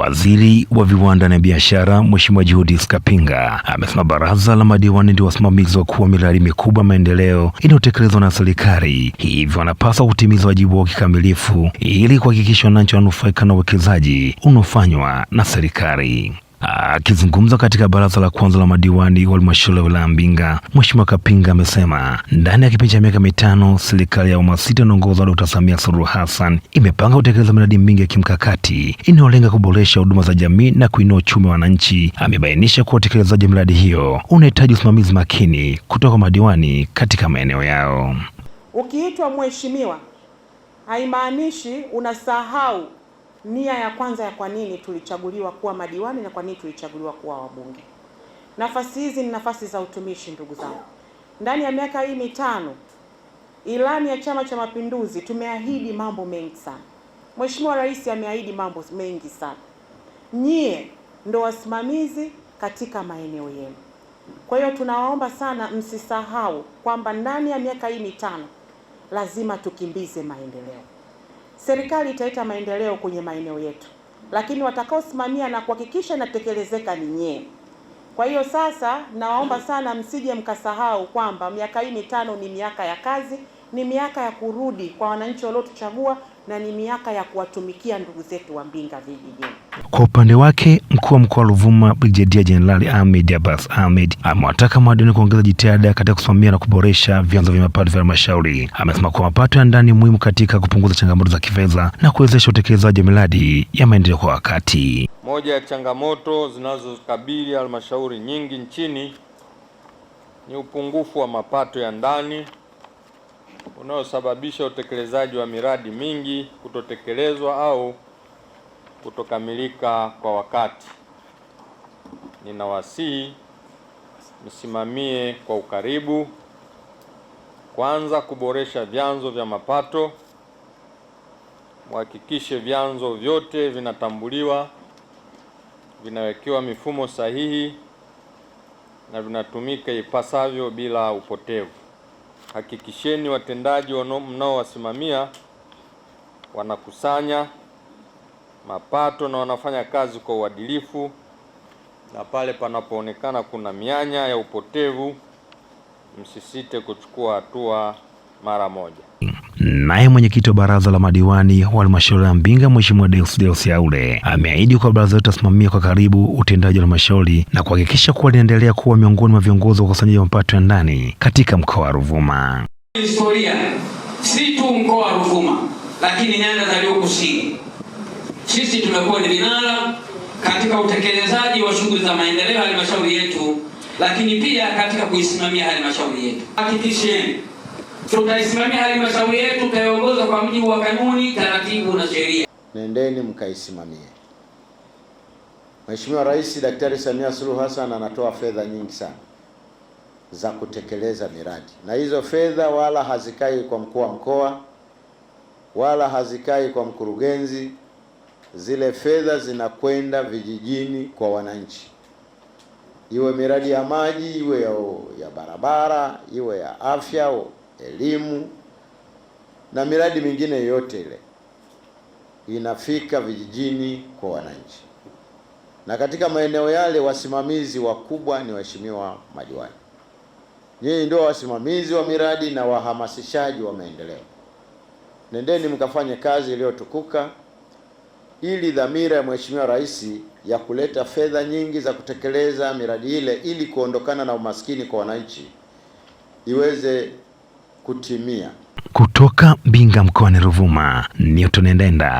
Waziri wa Viwanda na Biashara, Mheshimiwa Judith Kapinga amesema baraza la madiwani ndio wasimamizi wakuu wa miradi mikubwa maendeleo inayotekelezwa na serikali, hivyo wanapaswa kutimiza wajibu wa kikamilifu ili kuhakikisha wananchi wanufaika na uwekezaji unaofanywa na serikali. Akizungumza katika baraza la kwanza la madiwani wa halmashauri ya wilaya Mbinga, Mheshimiwa Kapinga amesema ndani ya kipindi cha miaka mitano serikali ya awamu ya sita inaongozwa na Dkt. Samia Suluhu Hassan imepanga kutekeleza miradi mingi ya kimkakati inayolenga kuboresha huduma za jamii na kuinua uchumi wa wananchi. Amebainisha kuwa utekelezaji wa miradi hiyo unahitaji usimamizi makini kutoka kwa madiwani katika maeneo yao. Ukiitwa mheshimiwa haimaanishi unasahau nia ya kwanza ya kwa nini tulichaguliwa kuwa madiwani na kwa nini tulichaguliwa kuwa wabunge. Nafasi hizi ni nafasi za utumishi, ndugu zangu. Ndani ya miaka hii mitano, ilani ya Chama cha Mapinduzi tumeahidi mambo mengi sana. Mheshimiwa Rais ameahidi mambo mengi sana. Nyie ndo wasimamizi katika maeneo yenu. Kwa hiyo tunawaomba sana msisahau kwamba ndani ya miaka hii mitano lazima tukimbize maendeleo. Serikali italeta maendeleo kwenye maeneo yetu, lakini watakaosimamia na kuhakikisha inatekelezeka ni nyie. Kwa hiyo sasa, nawaomba sana msije mkasahau kwamba miaka hii mitano ni miaka ya kazi, ni miaka ya kurudi kwa wananchi waliotuchagua na ni miaka ya kuwatumikia ndugu zetu wa Mbinga vijijini. Kwa upande wake mkuu wa mkoa wa Ruvuma Brigedia Jenerali Ahmed Abbas Ahmed amewataka madiwani kuongeza jitihada katika kusimamia na kuboresha vyanzo vya mapato vya halmashauri. Amesema kuwa mapato ya ndani muhimu katika kupunguza changamoto za kifedha na kuwezesha utekelezaji wa miradi ya maendeleo kwa wakati. Moja ya changamoto zinazokabili halmashauri nyingi nchini ni upungufu wa mapato ya ndani unaosababisha utekelezaji wa miradi mingi kutotekelezwa au kutokamilika kwa wakati, ninawasihi msimamie kwa ukaribu, kwanza kuboresha vyanzo vya mapato, mhakikishe vyanzo vyote vinatambuliwa, vinawekewa mifumo sahihi na vinatumika ipasavyo bila upotevu. Hakikisheni watendaji mnaowasimamia wanakusanya mapato na wanafanya kazi kwa uadilifu, na pale panapoonekana kuna mianya ya upotevu, msisite kuchukua hatua mara moja. Naye mwenyekiti wa baraza la madiwani wa halmashauri ya Mbinga Mheshimiwa Deusdeus Haule ameahidi kwa baraza lote atasimamia kwa karibu utendaji wa halmashauri na kuhakikisha kuwa linaendelea kuwa miongoni mwa viongozi wa ukusanyaji wa mapato ya ndani katika mkoa wa Ruvuma. Historia si tu mkoa wa Ruvuma, lakini nyanda za juu kusini sisi tumekuwa ni vinara katika utekelezaji wa shughuli za maendeleo ya halmashauri yetu, lakini pia katika kuisimamia halmashauri yetu. Hakikisheni tutaisimamia halmashauri yetu, tutaiongoza kwa mujibu wa kanuni, taratibu na sheria. Nendeni mkaisimamie. Mheshimiwa Rais Daktari Samia Suluhu Hassan anatoa fedha nyingi sana za kutekeleza miradi, na hizo fedha wala hazikai kwa mkuu wa mkoa wala hazikai kwa mkurugenzi zile fedha zinakwenda vijijini kwa wananchi, iwe miradi ya maji, iwe ya, ya barabara, iwe ya afya, elimu na miradi mingine yote ile, inafika vijijini kwa wananchi. Na katika maeneo yale wasimamizi wakubwa ni waheshimiwa madiwani. Nyinyi ndio wasimamizi wa miradi na wahamasishaji wa maendeleo. Nendeni mkafanye kazi iliyotukuka ili dhamira ya Mheshimiwa Rais ya kuleta fedha nyingi za kutekeleza miradi ile ili kuondokana na umaskini kwa wananchi iweze kutimia. Kutoka Mbinga mkoani Ruvuma, Newton Ndenda.